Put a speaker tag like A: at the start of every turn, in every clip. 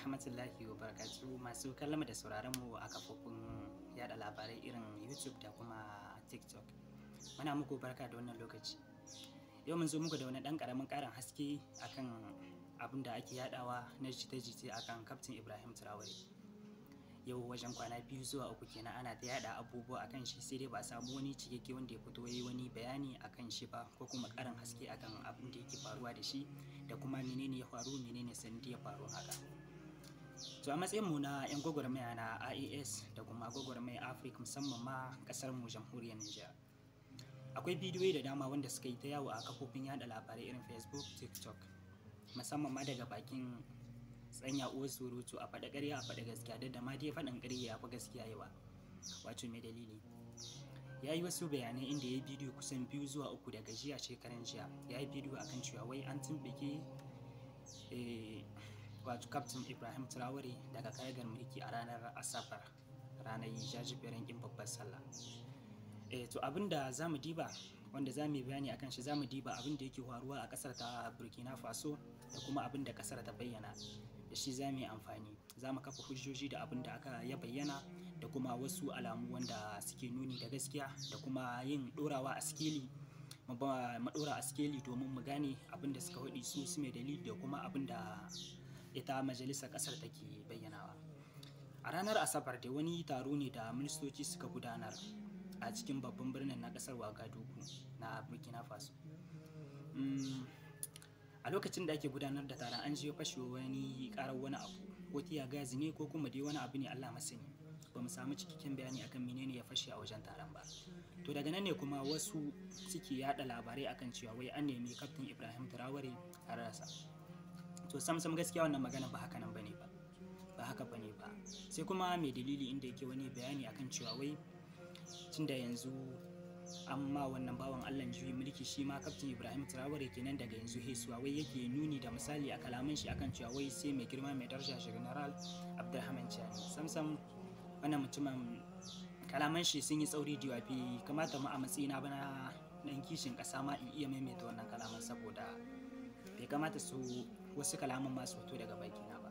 A: rahmatullahi wa barakatu masu kallama da sauraron mu a kafofin yada labarai irin YouTube da kuma TikTok. Muna muku barka da wannan lokaci. Yau mun zo muku da wani dan karamin karin haske akan abin da ake yadawa na jita-jita akan Captain Ibrahim Traore. Yau wajen kwana biyu zuwa uku kenan ana ta yada abubuwa akan shi sai dai ba samu wani cikakke wanda ya fito yayi wani bayani akan shi ba ko kuma karin haske akan abin da yake faruwa da shi da kuma menene ya faru menene sandi ya faru haka. To a matsayin mu na 'yan gwagwarmaya na ias da kuma gwagwarmaya afirka musamman ma kasar mu jamhuriyar niger akwai bidiyoyi da dama wanda suka yi ta yawo a kafofin yada labarai irin facebook tiktok musamman ma daga bakin tsanya uwar surutu a faɗa ƙarya a faɗa gaskiya da da ma dai faɗin ƙarya ya fi gaskiya yawa wato mai dalili ya yi wasu bayanai inda ya yi bidiyo kusan biyu zuwa uku da gajiya shekaran jiya ya yi bidiyo akan cewa wai an tumɓuke eh, wato kaftin ibrahim traore daga kayagar mulki a ranar asabar ranar jajiberin yin babbar sallah eh to abinda za mu diba wanda za mu yi bayani akan shi za mu diba abin da yake faruwa a kasar ta burkina faso da kuma abin da kasar ta bayyana da shi za mu yi amfani za mu kafa hujjoji da abin da aka ya bayyana da kuma wasu alamu wanda suke nuni da gaskiya da kuma yin dorawa a sikeli mu dora a sikeli domin mu gane abin da suka hudi su su mai dalili da kuma abin da ita majalisar kasar take bayyanawa a ranar asabar da wani taro ne da ministoci suka gudanar a cikin babban birnin na kasar wagadugu na burkina faso mm, a lokacin da ake gudanar da taron an jiyo fashewa wani karar wani abu ko tiya gazi ne ko kuma dai wani abu ne allah masani ba mu samu cikakken bayani akan menene ya fashe a wajen taron ba to daga nan ne kuma wasu suke yada labarai akan cewa wai an nemi kaftin ibrahim turawari a rasa to sam sam gaskiya wannan magana ba haka nan bane ba ba haka bane ba sai kuma mai dalili inda yake wani bayani akan cewa wai tunda yanzu ma wannan bawan Allah juyi mulki shi ma kaftin Ibrahim Traore kenan daga yanzu hesuwa wai yake nuni da misali a kalaman shi akan cewa wai sai mai girma mai daraja shi General Abdulrahman Chani sam wannan mutumin kalaman shi sun yi tsauri diwa kamata mu a matsayina bana dan kishin kasa ma in iya maimaita wannan kalaman saboda bai kamata su wasu kalaman masu fito daga baki na ba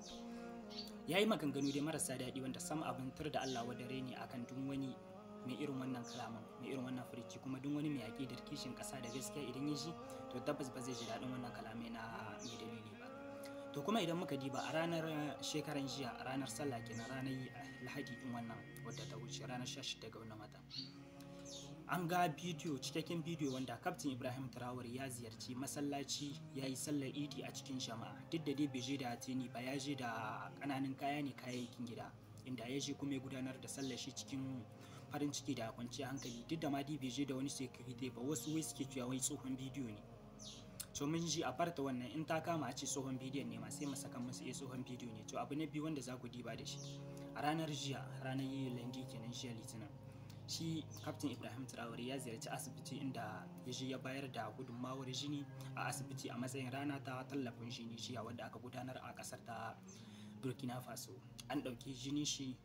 A: ya yi maganganu dai marasa daɗi wanda sam abintar da Allah dare ne akan duk wani mai irin wannan kalaman mai irin wannan furici kuma duk wani mai yaƙi da kishin ƙasa da gaskiya idan ya ji, to tabbas ba zai ji daɗin wannan kalamai na mai dalili ba to kuma idan muka diba a ranar shekaran jiya ranar sallah kenan ranar lahadi din wannan wadda ta wuce ranar 16 ga wannan watan an ga bidiyo cikakken bidiyo wanda kaftin ibrahim traor ya ziyarci masallaci ya yi sallar idi a cikin jama'a duk da dai bai je da tini ba ya je da kananan kaya ne kayayyakin gida inda ya je kuma ya gudanar da sallar shi cikin farin ciki da kwanciyar hankali duk da ma dai bai je da wani security ba wasu wai suke cewa wai tsohon bidiyo ne to mun ji a farta wannan in ta kama a ce tsohon bidiyon ne ma sai mu saka musu iya eh, tsohon bidiyo ne to abu na biyu wanda za ku diba da shi a ranar jiya ranar yi landi kenan jiya litinin shi kaftin ibrahim traore ya ziyarci asibiti inda ya ya bayar da gudunmawar jini a asibiti a matsayin rana ta tallafin jini jiya wanda aka gudanar a kasar ta burkina faso an ɗauki jini shi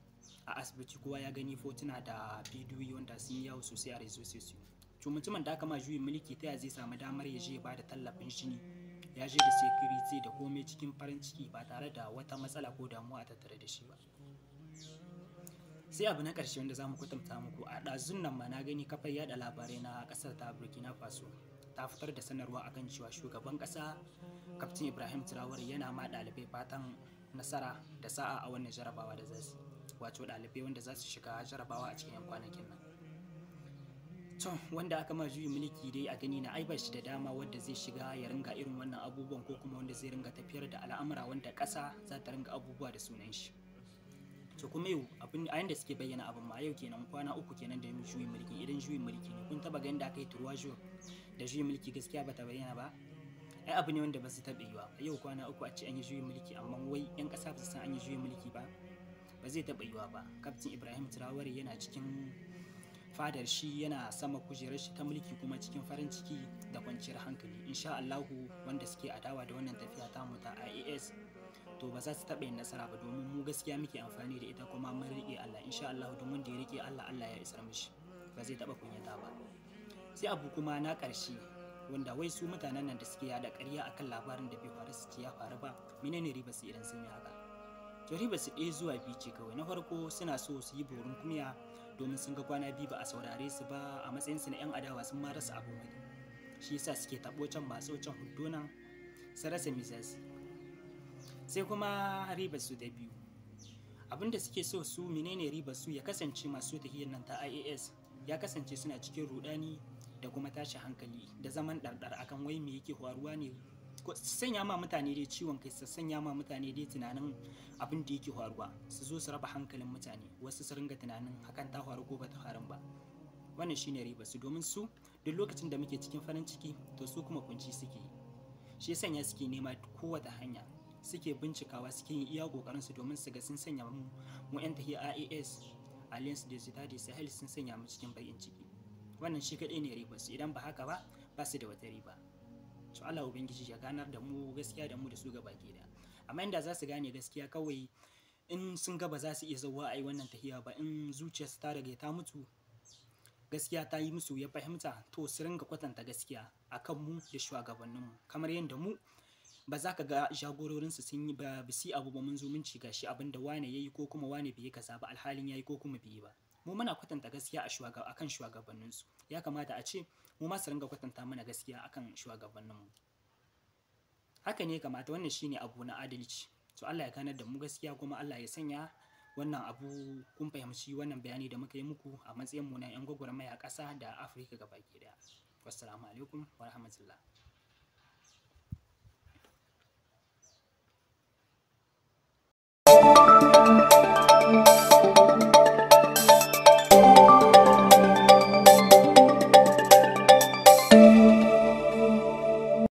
A: a asibiti kowa ya gani fotuna da bidiyoyi wanda sun yawo sosai a rezo to mutumin da aka ma juyin mulki ta ya zai samu damar ya je ba da tallafin jini ya je da security da komai cikin farin ciki ba tare da wata matsala ko damuwa a tattare da shi ba sai abu na ƙarshe wanda za mu kwatanta muku a ɗazun nan ma na gani kafar yada labarai na ƙasar ta burkina faso ta fitar da sanarwa akan cewa shugaban ƙasa kaftin ibrahim traore yana ma ɗalibai fatan nasara da sa'a a wannan jarabawa da za su wato ɗalibai wanda za su shiga jarabawa a cikin kwanakin nan to wanda aka ma juyi mulki dai a gani na ai ba shi da dama wanda zai shiga ya ringa irin wannan abubuwan ko kuma wanda zai ringa tafiyar da al'amura wanda ƙasa za ta ringa abubuwa da sunan shi to kuma yau abin a yanda suke bayyana abin ma yau kenan kwana uku kenan da juyin mulki idan juyin mulki ne kun taba ganin da aka yi turwajo da juyin mulki gaskiya bata bayyana ba ai abu ne wanda ba su taɓa yiwa yau kwana uku a ce an yi juyin mulki amma wai yan ƙasa ba su san an yi juyin mulki ba ba zai taɓa yiwa ba kaftin ibrahim turawari yana cikin fadar shi yana sama kujerar shi ta mulki kuma cikin farin ciki da kwanciyar hankali insha allahu wanda suke adawa da wannan tafiya ta tamu ta ias to ba za su taɓa yin nasara ba domin mu gaskiya muke amfani da ita kuma mun riƙe Allah insha Allah domin da ya riƙe Allah Allah ya isar mishi ba zai taɓa kunyata ba sai abu kuma na ƙarshe wanda wai su mutanen nan da suke yada ƙarya akan labarin da bai faru su ce ya faru ba menene riba su idan sun yi haka to riba su ɗaya zuwa biyu ce kawai na farko suna so su yi borin kumya domin sun ga kwana biyu ba a saurare su ba a matsayin su na 'yan adawa sun ma rasa abu shi yasa suke taɓo can masu can huddona su rasa misasi sai kuma ribar su da biyu abinda suke so su menene ribar su ya kasance masu tahiyar nan ta IAS ya kasance suna cikin rudani da kuma tashi hankali da zaman ɗarɗar akan wai me yake faruwa ne sanya ma mutane dai ciwon kai su sanya ma mutane dai tunanin abin da yake faruwa su zo su raba hankalin mutane wasu su ringa tunanin hakan ta faru ko bata faru ba wannan shine riba su domin su duk lokacin da muke cikin farin ciki to su kuma kunci suke shi sanya suke nema kowace hanya suke bincikawa suke yin iya kokarin su domin su ga sun sanya mu mu yan tahiya IAS Alliance de Ciudad de Sahel sun sanya mu cikin bayin ciki wannan shi kadai ne riba idan ba haka ba ba su da wata riba to Allah ubangiji ya ganar da mu gaskiya da mu da su gaba ke da amma inda za su gane gaskiya kawai in sun ga ba za su iya zauwa a yi wannan tahiya ba in zuciya su ta daga ta mutu gaskiya ta yi musu ya fahimta to su ringa kwatanta gaskiya akan mu da shugabanninmu kamar yadda mu ba za ka ga jagororinsu sun yi ba bisi abu ba mun zo mun ci gashi abin da wane yayi ko kuma wane bai kaza ba alhalin yayi ko kuma bai ba mu muna kwatanta gaskiya a shuwaga akan su ya kamata a ce mu ma su ringa kwatanta mana gaskiya akan mu haka ne kamata wannan shine abu na adalci to Allah ya kanar da mu gaskiya kuma Allah ya sanya wannan abu kun fahimci wannan bayani da muka yi muku a matsayin mu na yan gwagwarmaya ƙasa da Afirka gabaki daya wassalamu alaikum wa rahmatullah